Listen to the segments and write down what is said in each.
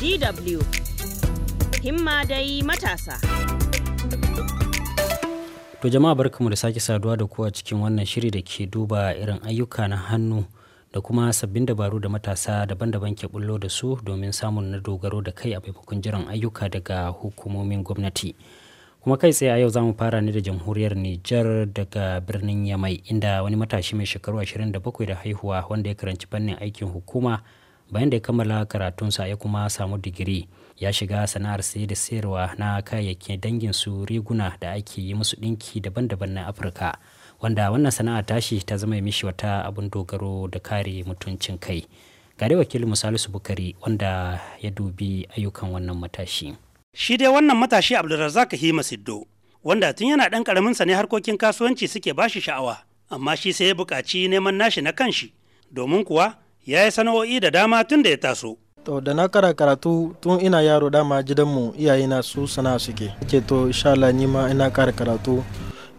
DW himma dai matasa. To jama'a barkamu da sake saduwa da ku a cikin wannan shiri da ke duba irin ayyuka na hannu da kuma sabbin dabaru da matasa daban-daban ke bullo da su domin samun na dogaro da kai a maimakon jiran ayyuka daga hukumomin gwamnati. kuma kai tsaye a yau za mu fara ne da jamhuriyar Nijar daga birnin Yamai inda wani matashi mai shekaru 27 da haihuwa wanda ya karanci fannin aikin hukuma bayan da ya kammala karatunsa ya kuma samu digiri ya shiga sana'ar sai da sayarwa na kayayyakin dangin su riguna da ake yi musu ɗinki daban-daban na afirka wanda wannan sana'a tashi ta zama ya mishi wata abin dogaro da kare mutuncin kai gare wakilin su bukari wanda ya dubi ayyukan wannan matashi shi dai wannan matashi abdulrazak hima siddo wanda tun yana ɗan ƙaramin sa ne harkokin kasuwanci suke bashi sha'awa amma shi sai ya buƙaci neman nashi na kanshi domin kuwa ya yi sana'o'i da dama tun da ya taso. To da na kara karatu tun ina yaro dama gidanmu na su sana'a suke. Ke to insha Allah ni ma ina kara karatu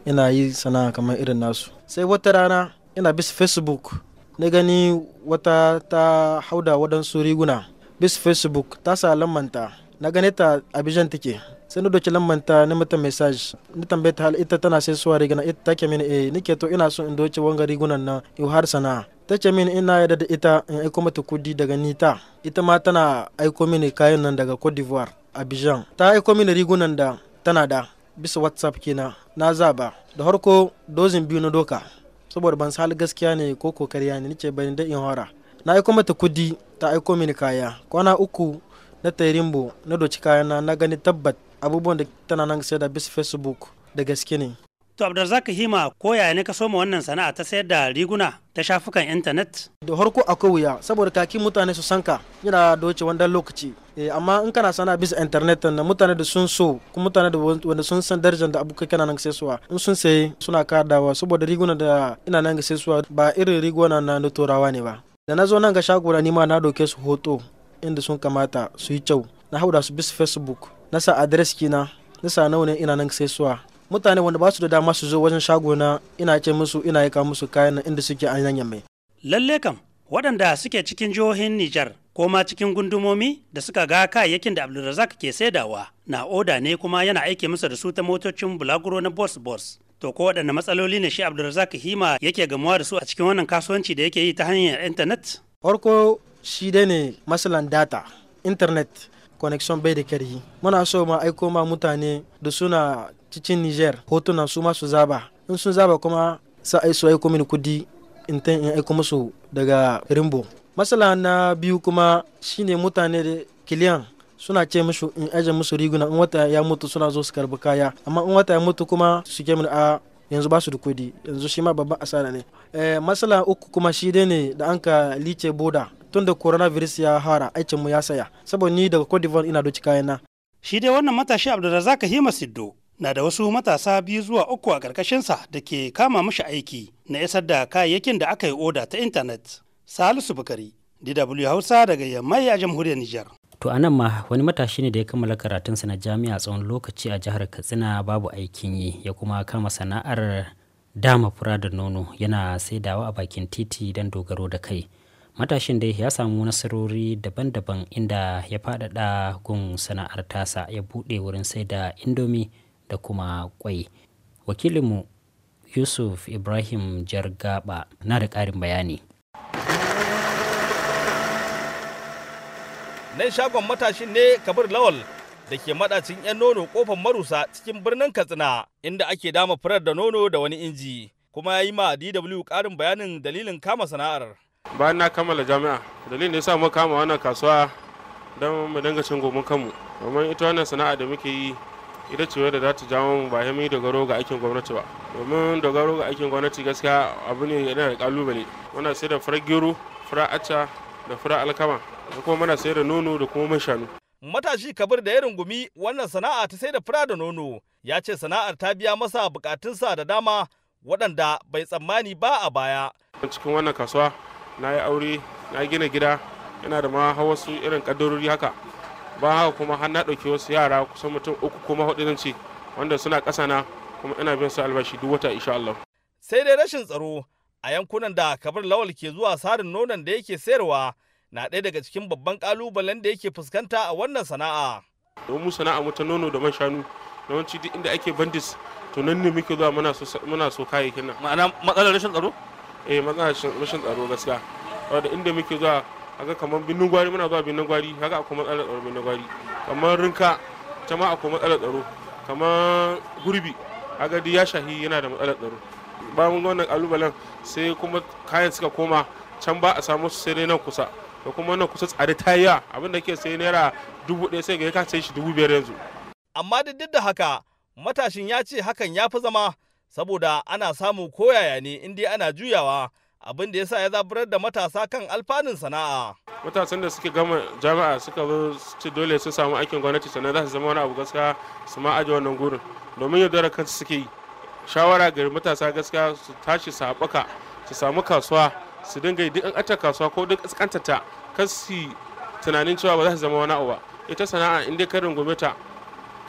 ina yi sana'a kamar irin nasu. Sai wata rana ina bis Facebook na gani wata ta hauda waɗansu riguna bis Facebook ta sa lamanta na gane ta abijan take sai na doki lambanta na mata message na tambaye ta ita tana sai suwa rigana ita take mini eh nike to ina son in doki wanga rigunan nan yau har sana ta ce mini ina yadda da ita in aiko mata kudi daga nita ita ma tana aiko mini kayan nan daga cote d'ivoire abijan ta aiko mini rigunan da tana da bisa whatsapp kina na zaba da harko dozin biyu na doka saboda ban sa gaskiya ne ko kokariya ne nike bani da in hora na aiko mata kudi ta aiko mini kaya kwana uku na tairimbo na doci kayana na gani tabbat abubuwan da tana nan sayar da bisa facebook da gaske ne to zaka hima ko yaya ne ka soma wannan sana'a ta sayar da riguna ta shafukan intanet da harko akwai wuya saboda kaki mutane su sanka yana doce wanda lokaci eh, amma in kana sana bisa internet na mutane da sun so kuma mutane da wanda sun san darajar da abokai kana nan saisuwa in sun sayi suna kadawa saboda riguna da ina nan saisuwa ba irin riguna na turawa ne ba da na zo nan ga shagora ni ma na doke su hoto inda sun kamata su yi kyau na hauda su bisa facebook na sa adres kina na sa nawa ne ina nan sai suwa mutane wanda ba su da dama su zo wajen shagona ina ce musu ina aika musu kayan nan inda suke an yanya mai lalle kam waɗanda suke cikin jihohin Nijar ko ma cikin gundumomi da suka ga kayayyakin da Abdulrazak ke saidawa na oda ne kuma yana aiki musu da su ta motocin bulaguro na bus bus to ko waɗanne matsaloli ne shi Abdulrazak Hima yake gamuwa da su a cikin wannan kasuwanci da yake yi ta hanyar intanet farko shi dai ne masalan data internet connection bai da kari muna so ma aiko ma mutane da suna cikin niger hotunan su masu zaba in sun zaba kuma sa aiso aiko mini kudi in ta in aiko musu daga rimbo masala na biyu kuma shine mutane da kiliyan suna ce musu in aje musu riguna in wata ya mutu suna zo su karbi kaya amma in wata ya mutu kuma su ke a ah, yanzu ba su da kudi yanzu shi ma babban asara ne eh, masala uku kuma shi dai ne da an ka lice boda tun da coronavirus ya hara mu ya saya saboda ni daga Cote d'Ivoire ina doki kayana. Shi dai wannan matashi Abdulrazak Hima Siddo na da wasu matasa biyu zuwa uku a ƙarƙashinsa da ke kama mashi aiki na isar da kayayyakin da aka yi oda ta intanet. Salisu Bukari, DW Hausa daga Yammai a jamhuriyar Nijar. To anan ma wani matashi ne da ya kammala karatun sa na jami'a tsawon lokaci a jihar Katsina babu aikin yi ya kuma kama sana'ar dama fura da nono yana saidawa a bakin titi don dogaro da kai. matashin dai ya samu nasarori daban-daban inda ya faɗaɗa gun sana'ar tasa ya buɗe wurin sai da indomi da kuma kwai wakilinmu yusuf ibrahim jargaba na da ƙarin bayani nan shagon matashin ne kabir lawal da ke madacin 'yan nono kofar marusa cikin birnin katsina inda ake dama furar da nono da wani inji kuma ya yi ma dw ƙarin bayanin dalilin kama sana'ar bayan na kammala jami'a dalilin da ya sa mu kama wannan kasuwa don mu dinga cin gobin kanmu domin ita wannan sana'a da muke yi ita ce da za ta jawo mu ba ya mai dogaro ga aikin gwamnati ba domin dogaro ga aikin gwamnati gaskiya abu ne yana da kalubale muna sai da farar gero furar acca da furar alkama da kuma muna sai da nono da kuma man shanu matashi kabir da ya rungumi wannan sana'a ta sai da fura da nono ya ce sana'ar ta biya masa bukatunsa da dama waɗanda bai tsammani ba a baya cikin wannan kasuwa na yi aure na gina gida yana da ma wasu irin kadarori haka ba haka kuma har na ɗauki wasu yara kusan mutum uku kuma hudu wanda suna ƙasa na kuma ina bin su albashi duk wata insha Allah. Sai dai rashin tsaro a yankunan da kabar lawal ke zuwa sarin nonon da yake sayarwa na ɗaya daga cikin babban ƙalubalen da yake fuskanta a wannan sana'a. Domin sana'a mu ta nono da man shanu yawanci duk inda ake bandis to nan ne muke zuwa muna so kayayyakin nan. Ma'ana matsalar rashin tsaro? eh matsalar rashin tsaro gaskiya wanda inda muke zuwa haka kamar binnin gwari muna zuwa binnin gwari haka akwai matsalar tsaro binnin gwari kamar rinka ta ma akwai matsalar tsaro kamar gurbi haka duk ya shahi yana da matsalar tsaro bayan wannan kalubalen sai kuma kayan suka koma can ba a samu su sai dai nan kusa da kuma nan kusa tsare ta yi abinda ke sai naira dubu ɗaya sai ga ya ka shi dubu biyar yanzu. amma duk da haka matashin ya ce hakan ya fi zama saboda ana samu koyaya ne in ana juyawa abin da yasa ya zaburar da matasa kan alfanun sana'a. Matasan da suke gama jami'a suka zo ci dole su samu aikin gwamnati sannan za su zama wani abu gaskiya su ma aji wannan gurin domin yaudara kansu suke yi. Shawara ga matasa gaskiya su tashi su haɓaka su samu kasuwa su dinga duk an ata kasuwa ko duk ƙasƙantata kan su tunanin cewa ba za su zama wani abu ba. Ita sana'a in dai ka rungume ta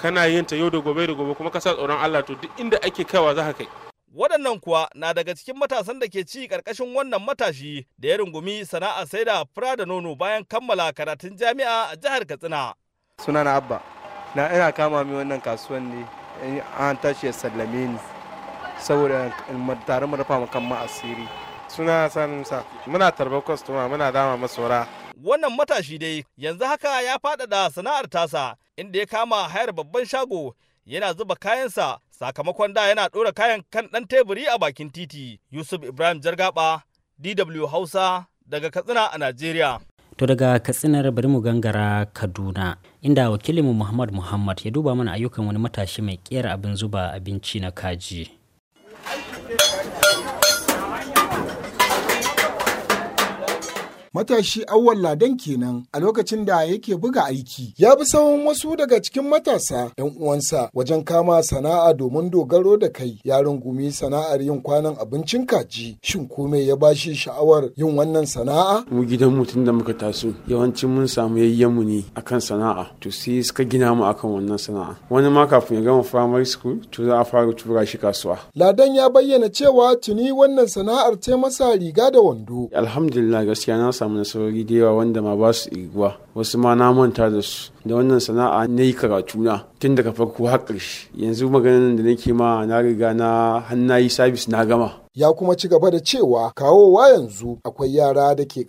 kana yin ta yau da gobe da gobe kuma ka sa tsoron Allah to duk inda ake kaiwa za ka kai waɗannan kuwa na daga cikin matasan da ke ci ƙarƙashin wannan matashi da ya rungumi sana'a sai da fura da nono bayan kammala karatun jami'a a jihar katsina sunana abba na ina kama min wannan kasuwan ne an tashi ya sallame ni saboda tare mu rufa kan asiri suna sanin sa muna tarbar kwastoma muna dama masora Wannan matashi dai yanzu haka ya faɗaɗa sana'ar tasa inda ya kama hayar babban shago yana zuba kayansa sakamakon da yana ɗora kayan kan ɗan teburi a bakin titi. Yusuf Ibrahim Jargaba, DW Hausa daga Katsina a Najeriya. To daga katsinar bari mu gangara Kaduna inda wakilinmu Muhammad Muhammad ya duba mana ayyukan wani matashi mai kera abin zuba abinci na kaji. matashi awwal ladan kenan a lokacin da yake buga aiki ya bi sahun wasu daga cikin matasa yan uwansa wajen kama sana'a domin dogaro da kai ya rungumi sana'ar yin kwanan abincin kaji shin kome ya bashi sha'awar yin wannan sana'a mu gidan mutum da muka taso yawancin mun samu yayyenmu ne akan sana'a to sai suka gina mu akan wannan sana'a wani ma kafin ya gama primary school to za a fara tura shi kasuwa ladan ya bayyana cewa tuni wannan sana'ar ce masa riga da wando alhamdulillah gaskiya na samu nasarori da yawa wanda ma ba su irguwa wasu ma na manta da su da wannan sana'a na yi karatu na tun daga farko har ƙarshe yanzu maganin da nake ma na riga na hannayi sabis na gama ya kuma ci gaba da cewa kawowa yanzu akwai yara da ke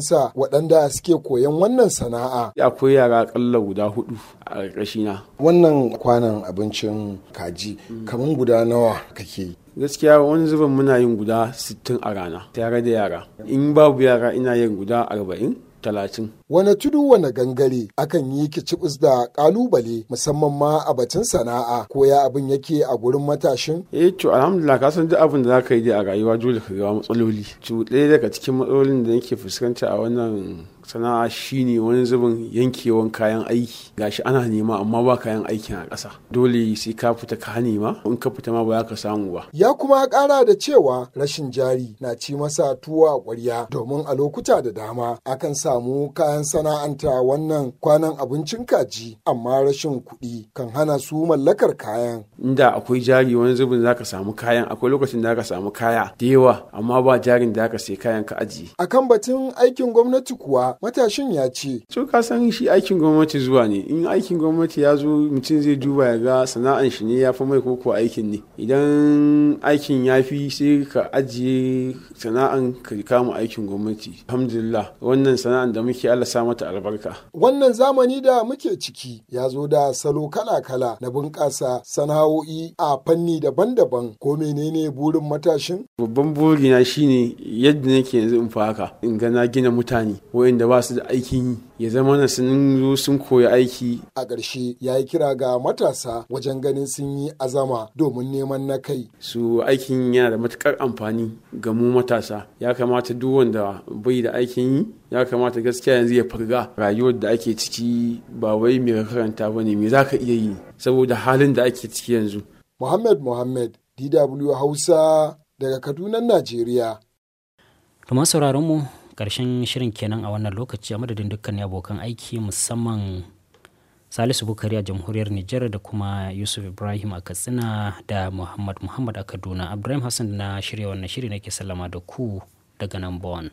sa waɗanda suke koyan wannan sana'a. Akwai yara ƙalla guda hudu a ƙarƙashina. Wannan kwanan abincin kaji, mm. kamar guda nawa kake yi? gaskiya wani zuban muna yin guda 60 a rana tare da yara in babu yara ina yin guda 40 talatin. Wane tudu wane gangare akan yi kicibis da kalubale musamman ma a batun sana'a ko ya abin yake a gurin matashin? e to alhamdulillah ka san duk abin da zaka yi dai a rayuwa dole ka ga matsaloli. To ɗaya daga cikin matsalolin da nake fuskanta a wannan sana'a shine wani zubin yankewan kayan aiki gashi ana nema amma ba kayan aikin a ƙasa dole sai ka fita ka nema in ka fita ma ba za ka samu ba ya kuma ƙara da cewa rashin jari na ci masa tuwa a ƙwarya domin a lokuta da dama akan sa samu kayan sana'anta wannan kwanan abincin kaji amma rashin kuɗi kan hana su mallakar kayan. Inda akwai jari wani zubin zaka samu kayan akwai lokacin da zaka samu kaya da yawa amma ba jarin da zaka sai kayan ka aji. Akan batun aikin gwamnati kuwa matashin ya ce. To ka san shi aikin gwamnati zuwa ne in aikin gwamnati ya zo mutum zai duba ya ga sana'an shi ne ya fi mai koko aikin ne idan aikin ya fi sai ka ajiye sana'an ka kama aikin gwamnati alhamdulillah wannan sana'an da muke Allah sa mata albarka. Wannan zamani da muke ciki ya zo da salo kala-kala na bunƙasa sana'o'i a fanni daban-daban ko menene burin matashin? Babban burina shine yadda nake yanzu in fa haka in ga na gina mutane waɗanda ba su da aikin yi ya zama na sun zo sun koyi aiki. A ƙarshe ya yi kira ga matasa wajen ganin sun yi azama domin neman na kai. Su aikin yana da matuƙar amfani ga mu matasa. Ya kamata duk wanda bai da aikin yi ya kamata gaskiya yanzu ya farga rayuwar da ake ciki ba wai mai karanta ba ne me za ka iya yi saboda halin da ake ciki yanzu. Muhammad Muhammad DW Hausa daga Kaduna Najeriya. Kamar sauraron mu karshen shirin kenan a wannan lokaci a madadin dukkan abokan aiki musamman salisu bukari a jamhuriyar nijar da kuma yusuf ibrahim a katsina da muhammad muhammad a kaduna abdulrahim hassan na shirya wannan shiri nake sallama da ku daga nan bon